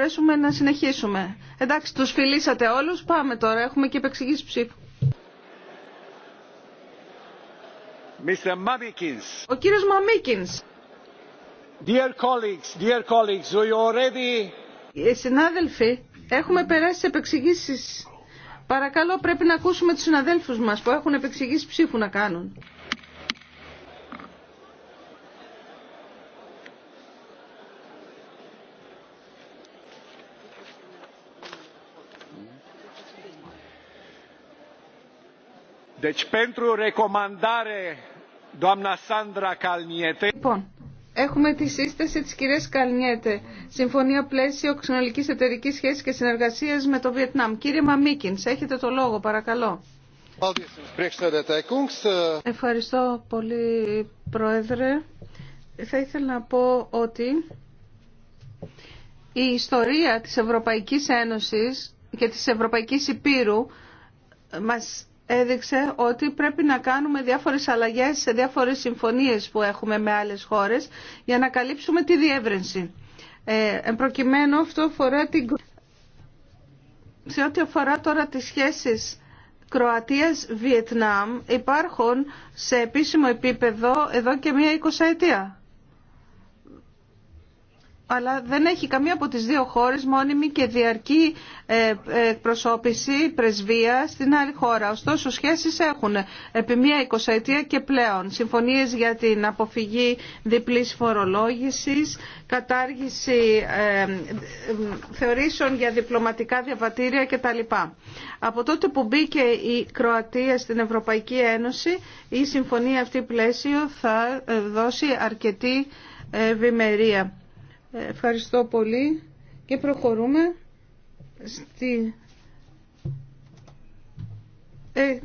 μπορέσουμε να συνεχίσουμε. Εντάξει, τους φιλήσατε όλους. Πάμε τώρα. Έχουμε και επεξηγήσεις ψήφου. Mr. Mamikins. Ο κύριος Μαμίκινς. Dear colleagues, dear colleagues, we already... Οι ε, συνάδελφοι, έχουμε περάσει επεξηγήσεις. Παρακαλώ πρέπει να ακούσουμε τους συναδέλφους μας που έχουν επεξηγήσεις ψήφου να κάνουν. Λοιπόν, έχουμε τη σύσταση της κυρίας Καλνιέτε. Συμφωνία πλαίσιο ξενολικής εταιρικής σχέσης και συνεργασίας με το Βιετνάμ. Κύριε Μαμίκινς, έχετε το λόγο, παρακαλώ. Ευχαριστώ πολύ, Πρόεδρε. Θα ήθελα να πω ότι η ιστορία της Ευρωπαϊκής Ένωσης και της Ευρωπαϊκής Υπήρου μας έδειξε ότι πρέπει να κάνουμε διάφορες αλλαγές σε διάφορες συμφωνίες που έχουμε με άλλες χώρες για να καλύψουμε τη διεύρυνση. Ε, εν αυτό αφορά την... Σε ό,τι αφορά τώρα τις σχέσεις Κροατίας-Βιετνάμ υπάρχουν σε επίσημο επίπεδο εδώ και μία εικοσαετία αλλά δεν έχει καμία από τις δύο χώρες μόνιμη και διαρκή ε, εκπροσώπηση πρεσβεία στην άλλη χώρα. Ωστόσο, σχέσεις έχουν επί μία εικοσαετία και πλέον. Συμφωνίες για την αποφυγή διπλής φορολόγησης, κατάργηση ε, θεωρήσεων για διπλωματικά διαβατήρια κτλ. Από τότε που μπήκε η Κροατία στην Ευρωπαϊκή Ένωση, η συμφωνία αυτή πλαίσιο θα δώσει αρκετή ευημερία Ευχαριστώ πολύ και προχωρούμε στη ε,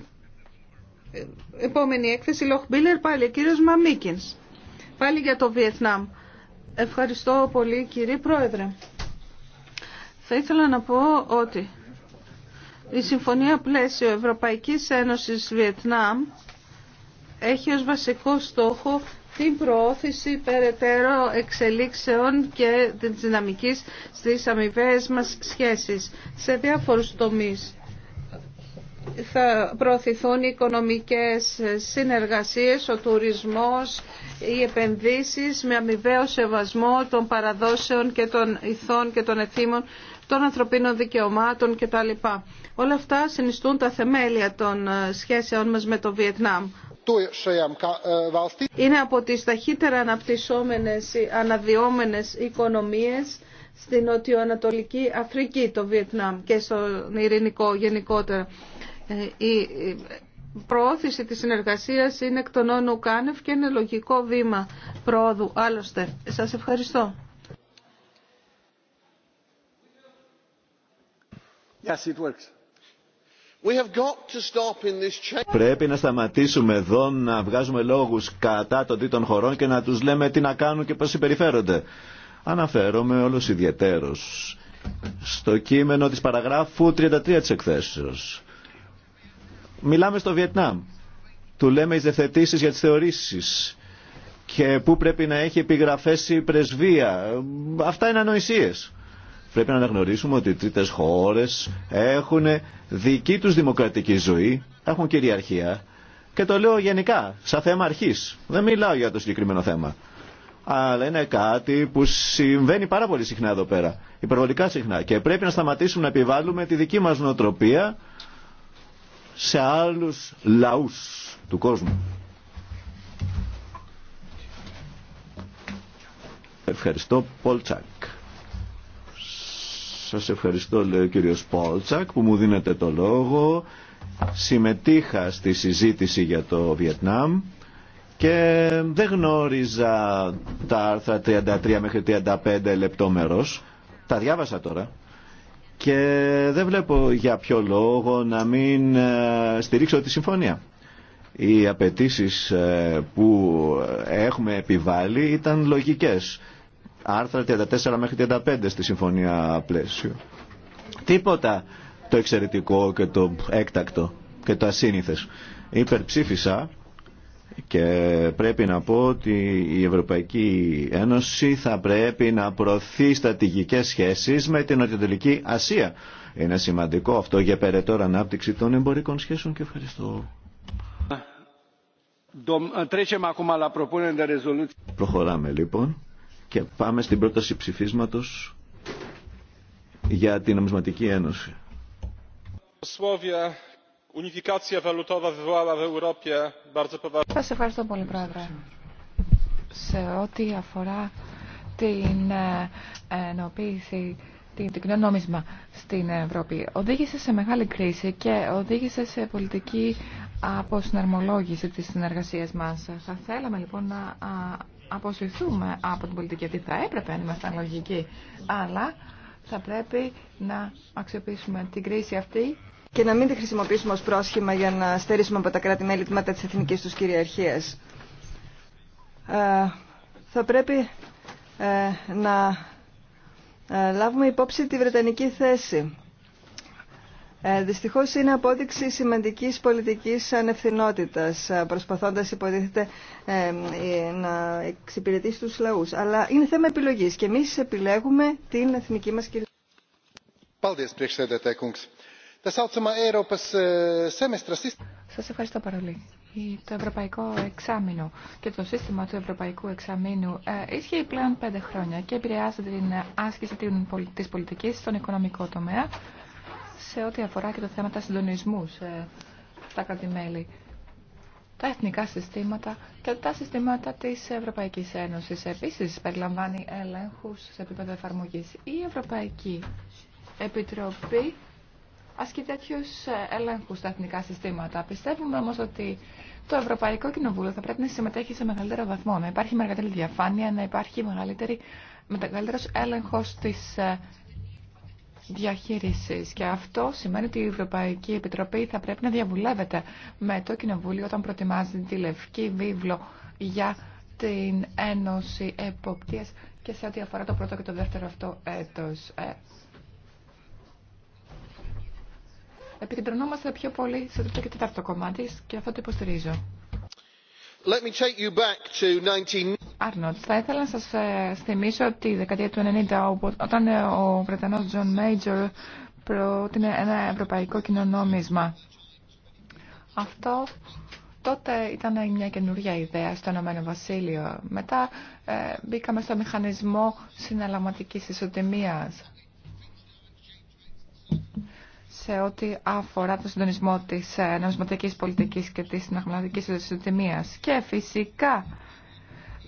επόμενη έκθεση Μπίλερ πάλι, κύριος Μαμίκινς, πάλι για το Βιετνάμ. Ευχαριστώ πολύ κύριε Πρόεδρε. Θα ήθελα να πω ότι η Συμφωνία Πλαίσιο Ευρωπαϊκής Ένωσης Βιετνάμ έχει ως βασικό στόχο την προώθηση περαιτέρω εξελίξεων και τη δυναμική στι αμοιβέ μας σχέσεις σε διάφορου τομεί Θα προωθηθούν οι οικονομικές συνεργασίες, ο τουρισμός, οι επενδύσεις με αμοιβαίο σεβασμό των παραδόσεων και των ηθών και των εθήμων των ανθρωπίνων δικαιωμάτων κτλ. Όλα αυτά συνιστούν τα θεμέλια των σχέσεων μας με το Βιετνάμ. Ε, είναι από τις ταχύτερα αναπτυσσόμενες, αναδυόμενες οικονομίες στην νοτιοανατολική Αφρική, το Βιετνάμ και στον ειρηνικό γενικότερα. Ε, η προώθηση της συνεργασίας είναι εκ των όνου κάνευ και είναι λογικό βήμα πρόοδου. Άλλωστε, σας ευχαριστώ. Yes, it works. Πρέπει να σταματήσουμε εδώ να βγάζουμε λόγους κατά των τρίτων χωρών και να τους λέμε τι να κάνουν και πώς συμπεριφέρονται. Αναφέρομαι όλος ιδιαιτέρως στο κείμενο της παραγράφου 33 της εκθέσεως. Μιλάμε στο Βιετνάμ. Του λέμε τις για τις θεωρήσεις και πού πρέπει να έχει επιγραφές η πρεσβεία. Αυτά είναι ανοησίες. Πρέπει να αναγνωρίσουμε ότι οι τρίτες χώρες έχουν δική τους δημοκρατική ζωή, έχουν κυριαρχία. Και το λέω γενικά, σαν θέμα αρχής. Δεν μιλάω για το συγκεκριμένο θέμα. Αλλά είναι κάτι που συμβαίνει πάρα πολύ συχνά εδώ πέρα. Υπερβολικά συχνά. Και πρέπει να σταματήσουμε να επιβάλλουμε τη δική μα νοοτροπία σε άλλους λαού του κόσμου. Ευχαριστώ, Πολτσάκ. Σας ευχαριστώ, λέει ο κύριος Πόλτσακ, που μου δίνετε το λόγο. Συμμετείχα στη συζήτηση για το Βιετνάμ και δεν γνώριζα τα άρθρα 33 μέχρι 35 λεπτόμερος. Τα διάβασα τώρα και δεν βλέπω για ποιο λόγο να μην ε, στηρίξω τη συμφωνία. Οι απαιτήσει ε, που ε, έχουμε επιβάλει ήταν λογικές άρθρα 34 μέχρι 35 στη Συμφωνία Πλαίσιο. Τίποτα το εξαιρετικό και το έκτακτο και το ασύνηθες. Υπερψήφισα και πρέπει να πω ότι η Ευρωπαϊκή Ένωση θα πρέπει να προωθεί στατηγικέ σχέσεις με την Νοτιοτελική Ασία. Είναι σημαντικό αυτό για περαιτέρω ανάπτυξη των εμπορικών σχέσεων και ευχαριστώ. Ε, Προχωράμε λοιπόν. Και πάμε στην πρόταση ψηφίσματος για την Νομισματική Ένωση. Σας ευχαριστώ πολύ, Πρόεδρε. Σε ό,τι αφορά την ε, ενοποίηση την κοινό νόμισμα στην Ευρώπη. Οδήγησε σε μεγάλη κρίση και οδήγησε σε πολιτική αποσυναρμολόγηση της συνεργασίας μας. Θα θέλαμε λοιπόν να αποσυρθούμε από την πολιτική, γιατί θα έπρεπε να είμαστε λογικοί, αλλά θα πρέπει να αξιοποιήσουμε την κρίση αυτή και να μην τη χρησιμοποιήσουμε ως πρόσχημα για να στερήσουμε από τα κράτη-μέλη τμήματα της εθνικής τους κυριαρχίας. Ε, θα πρέπει ε, να ε, λάβουμε υπόψη τη Βρετανική θέση. Ε, Δυστυχώ είναι απόδειξη σημαντική πολιτική ανευθυνότητα, ε, προσπαθώντα υποτίθεται ε, να εξυπηρετήσει του λαού. Αλλά είναι θέμα επιλογή και εμεί επιλέγουμε την εθνική μα κοινωνία. Σα ευχαριστώ πολύ. Το Ευρωπαϊκό Εξάμεινο και το σύστημα του Ευρωπαϊκού Εξάμεινου ε, ίσχυε πλέον πέντε χρόνια και επηρεάζει την άσκηση τη πολιτική, στον οικονομικό τομέα σε ό,τι αφορά και το θέμα τα συντονισμού ε, στα τα κράτη-μέλη. Τα εθνικά συστήματα και τα συστήματα της Ευρωπαϊκής Ένωσης. Επίσης, περιλαμβάνει ελέγχους σε επίπεδο εφαρμογής. Η Ευρωπαϊκή Επιτροπή ασκεί τέτοιου ε, ελέγχου στα εθνικά συστήματα. Πιστεύουμε όμω ότι το Ευρωπαϊκό Κοινοβούλιο θα πρέπει να συμμετέχει σε μεγαλύτερο βαθμό, να υπάρχει μεγαλύτερη διαφάνεια, να υπάρχει μεγαλύτερο έλεγχο τη ε, διαχείρισης. Και αυτό σημαίνει ότι η Ευρωπαϊκή Επιτροπή θα πρέπει να διαβουλεύεται με το Κοινοβούλιο όταν προετοιμάζει τη Λευκή Βίβλο για την Ένωση Εποπτείας και σε ό,τι αφορά το πρώτο και το δεύτερο αυτό έτος. Ε, επικεντρωνόμαστε πιο πολύ σε τρίτο και τέταρτο κομμάτι και αυτό το υποστηρίζω. Let me take you back to Άρνοντ, θα ήθελα να σας ε, θυμίσω ότι η δεκαετία του 90, όταν ε, ο Βρετανός Τζον Μέιτζορ πρότεινε ένα ευρωπαϊκό κοινωνόμισμα, αυτό τότε ήταν μια καινούργια ιδέα στο Ηνωμένο Βασίλειο. Μετά ε, μπήκαμε στο μηχανισμό συναλλαγματικής ισοτιμίας σε ό,τι αφορά το συντονισμό της νομισματικής πολιτικής και της συναλλαγματικής ισοτιμίας. Και φυσικά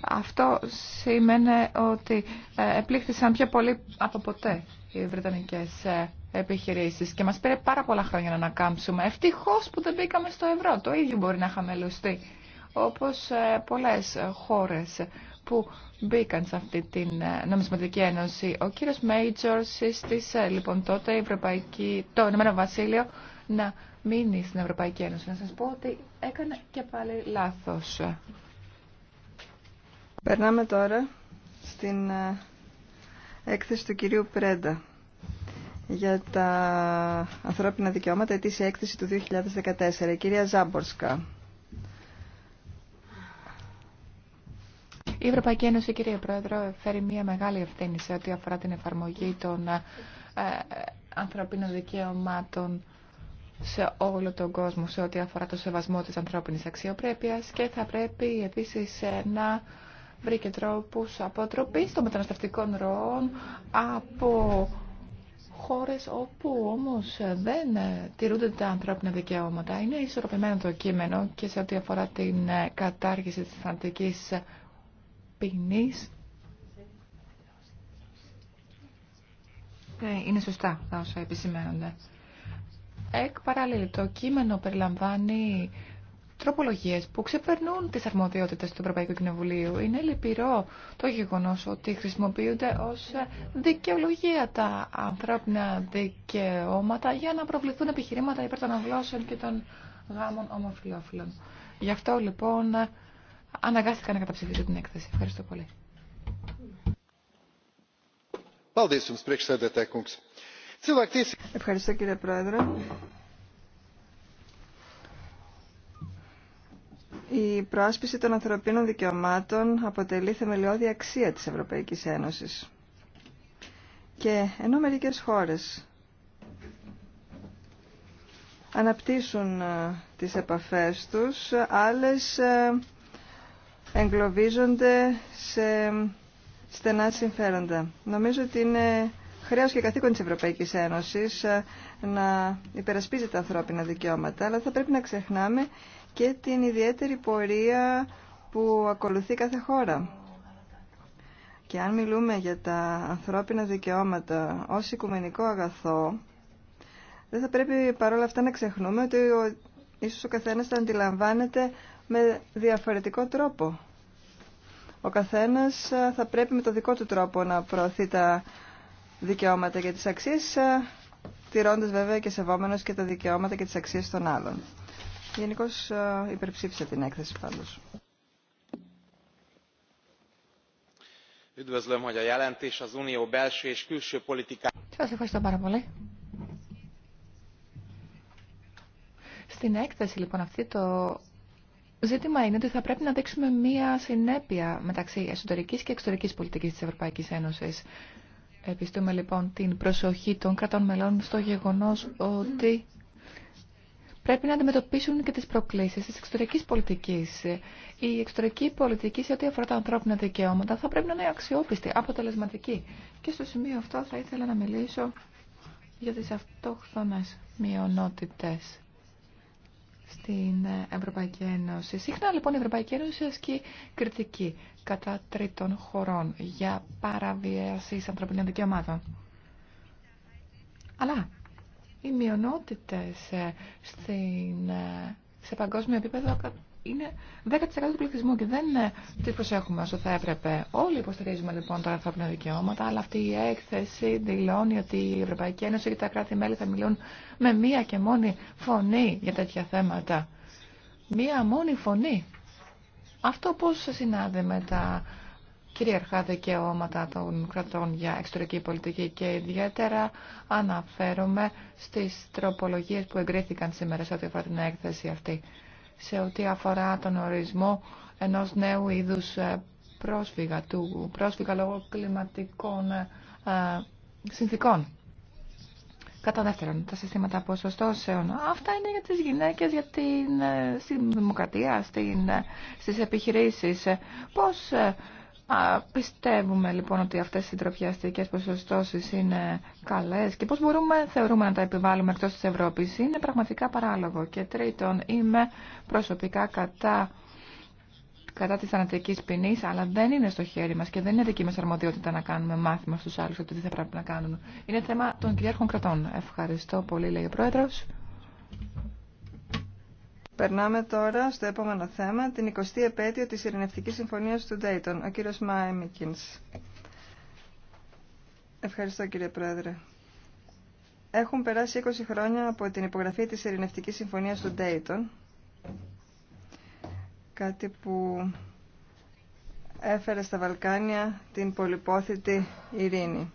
αυτό σημαίνει ότι ε, επλήχθησαν πιο πολύ από ποτέ οι βρετανικές ε, επιχειρήσεις και μας πήρε πάρα πολλά χρόνια να ανακάμψουμε. Ευτυχώς που δεν μπήκαμε στο ευρώ. Το ίδιο μπορεί να είχαμε λουστεί. Όπως ε, πολλές χώρες που μπήκαν σε αυτή την νομισματική ένωση. Ο κύριος Μέιτζορ σύστησε λοιπόν τότε Ευρωπαϊκή, το Ηνωμένο Βασίλειο να μείνει στην Ευρωπαϊκή Ένωση. Να σας πω ότι έκανε και πάλι λάθος. Περνάμε τώρα στην ε, έκθεση του κυρίου Πρέντα για τα ανθρώπινα δικαιώματα, ετήσια έκθεση του 2014. κυρία Ζάμπορσκα. Η Ευρωπαϊκή Ένωση, κύριε Πρόεδρο, φέρει μια μεγάλη ευθύνη σε ό,τι αφορά την εφαρμογή των ε, ε, ανθρωπίνων δικαιωμάτων σε όλο τον κόσμο, σε ό,τι αφορά το σεβασμό της ανθρώπινης αξιοπρέπειας και θα πρέπει επίσης ε, να βρήκε τρόπους αποτροπής των μεταναστευτικών ροών από χώρες όπου όμως δεν τηρούνται τα ανθρώπινα δικαιώματα. Είναι ισορροπημένο το κείμενο και σε ό,τι αφορά την κατάργηση της θανατικής ποινής. Ε, είναι σωστά τα όσα επισημαίνονται. Εκ παράλληλη, το κείμενο περιλαμβάνει τροπολογίες που ξεπερνούν τις αρμοδιότητες του Ευρωπαϊκού Κοινοβουλίου. Είναι λυπηρό το γεγονός ότι χρησιμοποιούνται ως δικαιολογία τα ανθρώπινα δικαιώματα για να προβληθούν επιχειρήματα υπέρ των αγλώσεων και των γάμων ομοφυλόφιλων. Γι' αυτό λοιπόν αναγκάστηκα να καταψηφίσω την έκθεση. Ευχαριστώ πολύ. Ευχαριστώ κύριε Πρόεδρε. Η πρόσπιση των ανθρωπίνων δικαιωμάτων αποτελεί θεμελιώδη αξία της Ευρωπαϊκής Ένωσης. Και ενώ μερικές χώρες αναπτύσσουν ε, τις επαφές τους, άλλες ε, εγκλωβίζονται σε στενά συμφέροντα. Νομίζω ότι είναι χρέος και καθήκον της Ευρωπαϊκής Ένωσης ε, να υπερασπίζει τα ανθρώπινα δικαιώματα, αλλά θα πρέπει να ξεχνάμε και την ιδιαίτερη πορεία που ακολουθεί κάθε χώρα. Και αν μιλούμε για τα ανθρώπινα δικαιώματα ως οικουμενικό αγαθό, δεν θα πρέπει παρόλα αυτά να ξεχνούμε ότι ο, ίσως ο καθένας τα αντιλαμβάνεται με διαφορετικό τρόπο. Ο καθένας θα πρέπει με το δικό του τρόπο να προωθεί τα δικαιώματα και τις αξίες, τηρώντας βέβαια και σεβόμενος και τα δικαιώματα και τις αξίες των άλλων. Γενικώ ε, υπερψήφισε την έκθεση πάντω. Üdvözlöm, hogy a jelentés az unió belső és külső ευχαριστώ πάρα πολύ. Στην έκθεση λοιπόν αυτή το ζήτημα είναι ότι θα πρέπει να δείξουμε μία συνέπεια μεταξύ εσωτερικής και εξωτερικής πολιτικής της Ευρωπαϊκής Ένωσης. Επιστούμε λοιπόν την προσοχή των κρατών μελών στο γεγονός ότι πρέπει να αντιμετωπίσουν και τις προκλήσεις της εξωτερικής πολιτικής. Η εξωτερική πολιτική σε ό,τι αφορά τα ανθρώπινα δικαιώματα θα πρέπει να είναι αξιόπιστη, αποτελεσματική. Και στο σημείο αυτό θα ήθελα να μιλήσω για τις αυτόχθονε μειονότητες στην Ευρωπαϊκή Ένωση. Συχνά λοιπόν η Ευρωπαϊκή Ένωση ασκεί κριτική κατά τρίτων χωρών για παραβίαση ανθρωπινών δικαιωμάτων. Αλλά οι μειονότητες ε, στην, ε, σε παγκόσμιο επίπεδο είναι 10% του πληθυσμού και δεν ε, τις προσέχουμε όσο θα έπρεπε. Όλοι υποστηρίζουμε λοιπόν τα ανθρώπινα δικαιώματα, αλλά αυτή η έκθεση δηλώνει ότι η Ευρωπαϊκή Ένωση και τα κράτη-μέλη θα μιλούν με μία και μόνη φωνή για τέτοια θέματα. Μία μόνη φωνή. Αυτό πώς συνάδει με τα κυριαρχά δικαιώματα των κρατών για εξωτερική πολιτική και ιδιαίτερα αναφέρομαι στις τροπολογίες που εγκρίθηκαν σήμερα σε ό,τι αφορά την έκθεση αυτή, σε ό,τι αφορά τον ορισμό ενός νέου είδους ε, πρόσφυγα, του πρόσφυγα λόγω κλιματικών ε, ε, συνθήκων. Κατά δεύτερον, τα συστήματα ποσοστώσεων. Αυτά είναι για τις γυναίκες, για την δημοκρατία, στην, στις επιχειρήσεις. Πώς Α, πιστεύουμε λοιπόν ότι αυτές οι τροπιαστικές ποσοστώσεις είναι καλές και πώς μπορούμε, θεωρούμε να τα επιβάλλουμε εκτός της Ευρώπης. Είναι πραγματικά παράλογο. Και τρίτον, είμαι προσωπικά κατά κατά της θανατικής ποινή, αλλά δεν είναι στο χέρι μας και δεν είναι δική μας αρμοδιότητα να κάνουμε μάθημα στους άλλους ότι δεν τι θα πρέπει να κάνουν. Είναι θέμα των κυριάρχων κρατών. Ευχαριστώ πολύ, λέει ο Πρόεδρος. Περνάμε τώρα στο επόμενο θέμα, την 20η επέτειο της Ειρηνευτικής Συμφωνίας του Dayton, ο κύριος Μάε Μίκινς. Ευχαριστώ κύριε Πρόεδρε. Έχουν περάσει 20 χρόνια από την υπογραφή της Ειρηνευτικής Συμφωνίας του Dayton, κάτι που έφερε στα Βαλκάνια την πολυπόθητη ειρήνη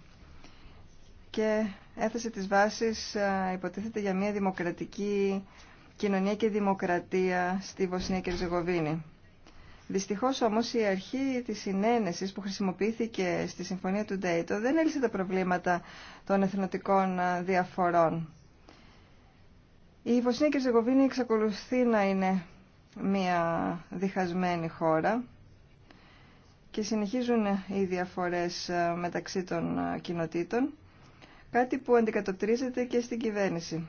και έθεσε τις βάσεις, ε, υποτίθεται, για μια δημοκρατική κοινωνία και δημοκρατία στη Βοσνία και Ζεγοβίνη. Δυστυχώς όμως η αρχή της συνένεσης που χρησιμοποιήθηκε στη Συμφωνία του Ντέιτο δεν έλυσε τα προβλήματα των εθνοτικών διαφορών. Η Βοσνία και Ζεγοβίνη εξακολουθεί να είναι μια διχασμένη χώρα και συνεχίζουν οι διαφορές μεταξύ των κοινοτήτων, κάτι που αντικατοπτρίζεται και στην κυβέρνηση.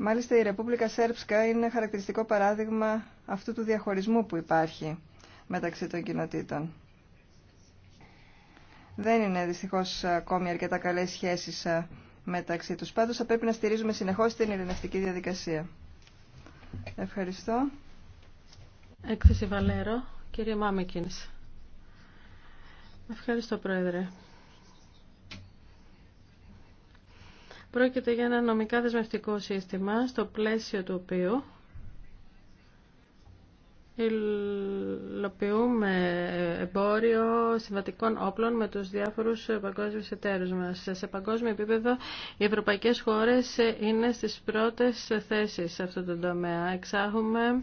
Μάλιστα η Ρεπούμπλικα Σέρψκα είναι χαρακτηριστικό παράδειγμα αυτού του διαχωρισμού που υπάρχει μεταξύ των κοινοτήτων. Δεν είναι δυστυχώς ακόμη αρκετά καλές σχέσεις ε, μεταξύ τους. Πάντως θα πρέπει να στηρίζουμε συνεχώς την ειρηνευτική διαδικασία. Ευχαριστώ. Έκθεση Βαλέρο, κύριε Μάμικινς. Ευχαριστώ, Πρόεδρε. Πρόκειται για ένα νομικά δεσμευτικό σύστημα στο πλαίσιο του οποίου υλοποιούμε εμπόριο συμβατικών όπλων με τους διάφορους παγκόσμιους εταίρους μας. Σε παγκόσμιο επίπεδο οι ευρωπαϊκές χώρες είναι στις πρώτες θέσεις σε αυτό το τομέα. Εξάγουμε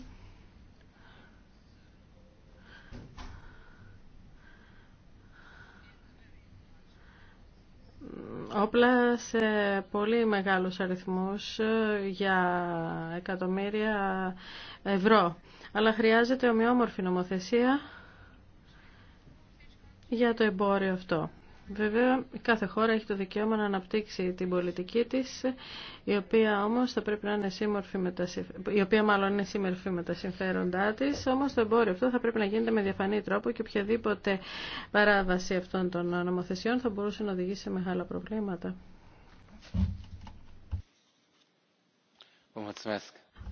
όπλα σε πολύ μεγάλους αριθμούς ε, για εκατομμύρια ευρώ. Αλλά χρειάζεται ομοιόμορφη νομοθεσία για το εμπόριο αυτό. Βέβαια, κάθε χώρα έχει το δικαίωμα να αναπτύξει την πολιτική της, η οποία όμως θα πρέπει να είναι σύμμορφη με τα, η οποία μάλλον είναι σύμμορφη με τα συμφέροντά της, όμως το εμπόριο αυτό θα πρέπει να γίνεται με διαφανή τρόπο και οποιαδήποτε παράβαση αυτών των νομοθεσιών θα μπορούσε να οδηγήσει σε μεγάλα προβλήματα.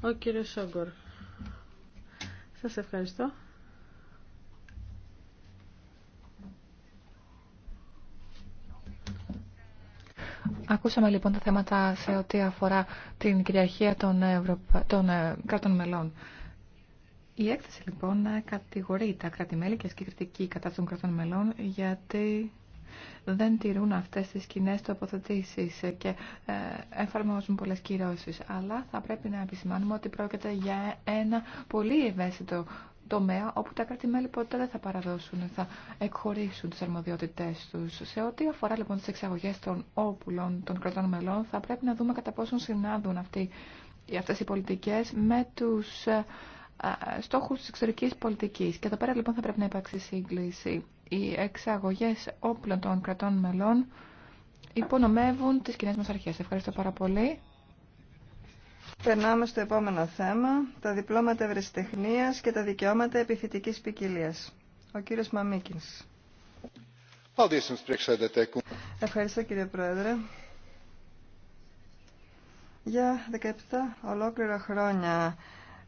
Ο κύριος Σόγκορ. Σας ευχαριστώ. Ακούσαμε λοιπόν τα θέματα σε ό,τι αφορά την κυριαρχία των, Ευρωπα... Ε, κρατών μελών. Η έκθεση λοιπόν κατηγορεί τα κρατημέλη και ασκεί κριτική κατά των κρατών μελών γιατί δεν τηρούν αυτές τις κοινέ τοποθετήσεις και ε, εφαρμόζουν πολλές κυρώσεις. Αλλά θα πρέπει να επισημάνουμε ότι πρόκειται για ένα πολύ ευαίσθητο τομέα όπου τα κράτη-μέλη ποτέ δεν θα παραδώσουν, θα εκχωρήσουν τις αρμοδιότητές τους. Σε ό,τι αφορά λοιπόν τις εξαγωγές των όπουλων των κρατών μελών θα πρέπει να δούμε κατά πόσον συνάδουν αυτοί, αυτές οι πολιτικές με τους ε, ε, στόχους της εξωτερικής πολιτικής. Και εδώ πέρα λοιπόν θα πρέπει να υπάρξει σύγκληση. Οι εξαγωγές όπλων των κρατών μελών υπονομεύουν τις κοινέ μας αρχές. Ευχαριστώ πάρα πολύ. Περνάμε στο επόμενο θέμα, τα διπλώματα ευρεσιτεχνίας και τα δικαιώματα επιθετικής ποικιλία. Ο κύριος Μαμίκινς. Ευχαριστώ κύριε Πρόεδρε. Για 17 ολόκληρα χρόνια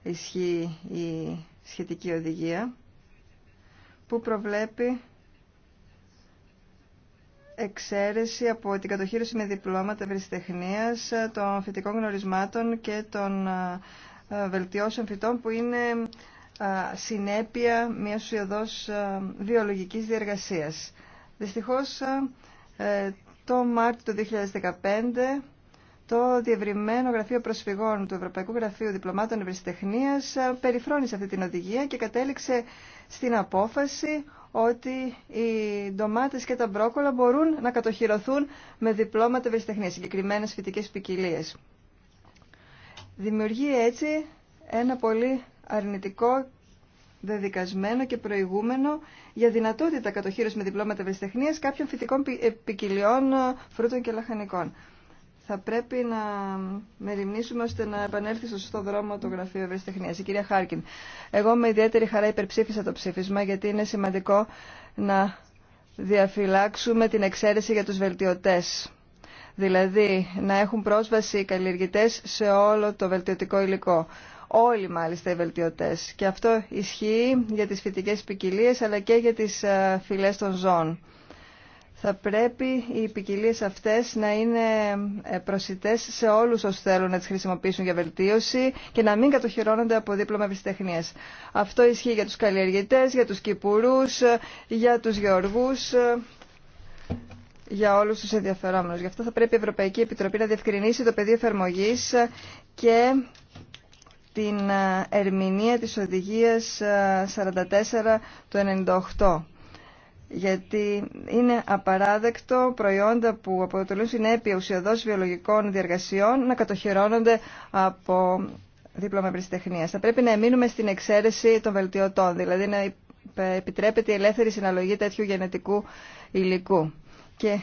ισχύει η σχετική οδηγία που προβλέπει εξαίρεση από την κατοχήρωση με διπλώματα ευρυστεχνίας ε, των φυτικών γνωρισμάτων και των ε, ε, βελτιώσεων φυτών που είναι συνέπεια μιας ουσιαδός βιολογικής διεργασίας. Δυστυχώς, το Μάρτιο του 2015 το διευρυμένο γραφείο προσφυγών του Ευρωπαϊκού Γραφείου Διπλωμάτων Ευρεσιτεχνία ε, περιφρόνησε αυτή την οδηγία και κατέληξε στην απόφαση ότι οι ντομάτες και τα μπρόκολα μπορούν να κατοχυρωθούν με διπλώματα ευρεσιτεχνία, συγκεκριμένε φυτικέ ποικιλίε. Δημιουργεί έτσι ένα πολύ αρνητικό δεδικασμένο και προηγούμενο για δυνατότητα κατοχύρωση με διπλώματα ευρεσιτεχνίας κάποιων φυτικών ε, ποικιλιών ε, φρούτων και λαχανικών θα πρέπει να μεριμνήσουμε ώστε να επανέλθει στο σωστό δρόμο το Γραφείο Ευρεσιτεχνία. Η κυρία Χάρκιν, εγώ με ιδιαίτερη χαρά υπερψήφισα το ψήφισμα γιατί είναι σημαντικό να διαφυλάξουμε την εξαίρεση για τους βελτιωτές. Δηλαδή να έχουν πρόσβαση οι καλλιεργητές σε όλο το βελτιωτικό υλικό. Όλοι μάλιστα οι βελτιωτές. Και αυτό ισχύει για τις φυτικές ποικιλίε αλλά και για τις ε, φυλές των ζώων θα πρέπει οι ποικιλίε αυτές να είναι ε, προσιτές σε όλους όσους θέλουν να τις χρησιμοποιήσουν για βελτίωση και να μην κατοχυρώνονται από δίπλωμα επιστεχνίας. Αυτό ισχύει για τους καλλιεργητές, για τους κυπουρούς, για τους γεωργούς, για όλους τους ενδιαφερόμενους. Γι' αυτό θα πρέπει η Ευρωπαϊκή Επιτροπή να διευκρινίσει το πεδίο εφαρμογή και την ε, ερμηνεία της οδηγίας 44 ε, του 98 γιατί είναι απαράδεκτο προϊόντα που αποτελούν συνέπεια ουσιοδός βιολογικών διεργασιών να κατοχυρώνονται από δίπλωμα ευρυστεχνίας. Θα πρέπει να εμείνουμε στην εξαίρεση των βελτιωτών, δηλαδή να επιτρέπεται η ελεύθερη συναλλογή τέτοιου γενετικού υλικού. Και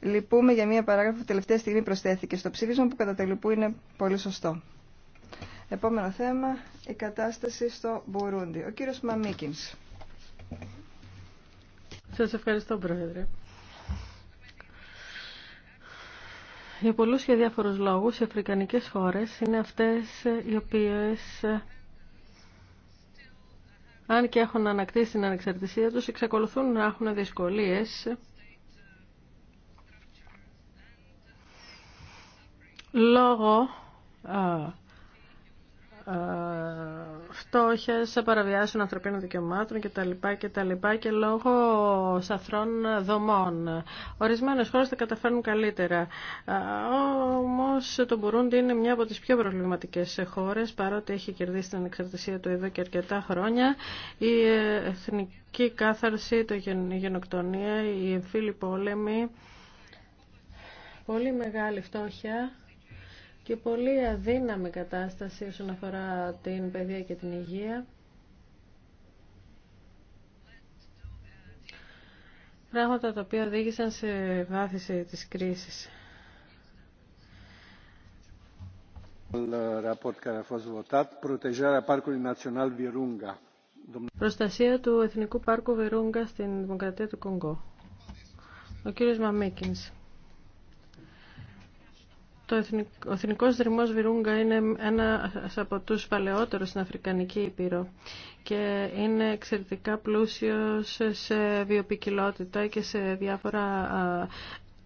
λυπούμε για μία παράγραφο που τελευταία στιγμή προσθέθηκε στο ψήφισμα που κατά τελειπού είναι πολύ σωστό. Επόμενο θέμα, η κατάσταση στο Μπουρούντι. Ο κύριος Μαμίκινς. Σας ευχαριστώ, Πρόεδρε. Για πολλούς και διάφορους λόγους, οι αφρικανικές χώρες είναι αυτές οι οποίες, αν και έχουν ανακτήσει την ανεξαρτησία τους, εξακολουθούν να έχουν δυσκολίες λόγω ε, φτώχεια, σε παραβιάσεων ανθρωπίνων δικαιωμάτων κτλ. λοιπά και και λόγω σαθρών δομών. Ορισμένε χώρε τα καταφέρνουν καλύτερα. Ε, όμως το Μπουρούντι είναι μια από τι πιο προβληματικέ χώρε, παρότι έχει κερδίσει την εξαρτησία του εδώ και αρκετά χρόνια. Η εθνική κάθαρση, το γενοκτονία, οι εμφύλοι πόλεμοι, πολύ μεγάλη φτώχεια και πολύ αδύναμη κατάσταση όσον αφορά την παιδεία και την υγεία. Πράγματα τα οποία οδήγησαν σε βάθηση της κρίσης. Προστασία του Εθνικού Πάρκου Βερούγκα στην Δημοκρατία του Κονγκό. Ο κύριος Μαμίκινς. Το εθνικό, ο Εθνικός Δρυμός Βιρούγκα είναι ένα από τους παλαιότερους στην Αφρικανική Ήπειρο και είναι εξαιρετικά πλούσιο σε βιοπικιλότητα και σε διάφορα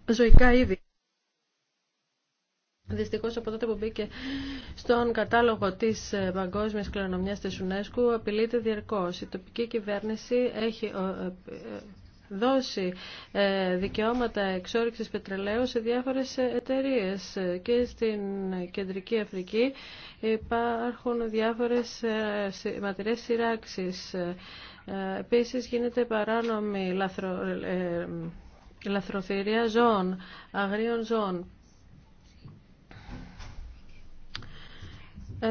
ζωικά είδη. Δυστυχώς από τότε που μπήκε στον κατάλογο της ε, παγκόσμιας κληρονομιάς της UNESCO απειλείται διαρκώς. Η τοπική κυβέρνηση έχει ε, ε, δώσει ε, δικαιώματα εξόρυξης πετρελαίου σε διάφορες εταιρείες και στην Κεντρική Αφρική υπάρχουν διάφορες ε, ματηρές σειράξεις. Ε, επίσης γίνεται παράνομη λαθρο, λαθροθυρία ζώων, αγρίων ζώων. 140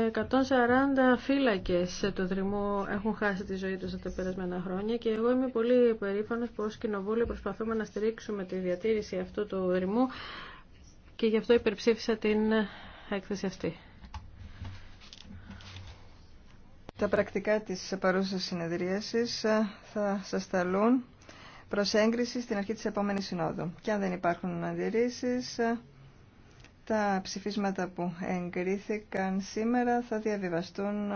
φύλακες του Δρυμού έχουν χάσει τη ζωή τους τα περασμένα χρόνια και εγώ είμαι πολύ περήφανος που ως Κοινοβούλιο προσπαθούμε να στηρίξουμε τη διατήρηση αυτού του Δρυμού και γι' αυτό υπερψήφισα την έκθεση αυτή. Τα πρακτικά της παρούσας συνεδρίασης ε, θα σας ταλούν προς έγκριση στην αρχή της επόμενης συνόδου. Και αν δεν υπάρχουν αντιρρήσεις... Ε, τα ψηφίσματα που εγκρίθηκαν σήμερα θα διαβιβαστούν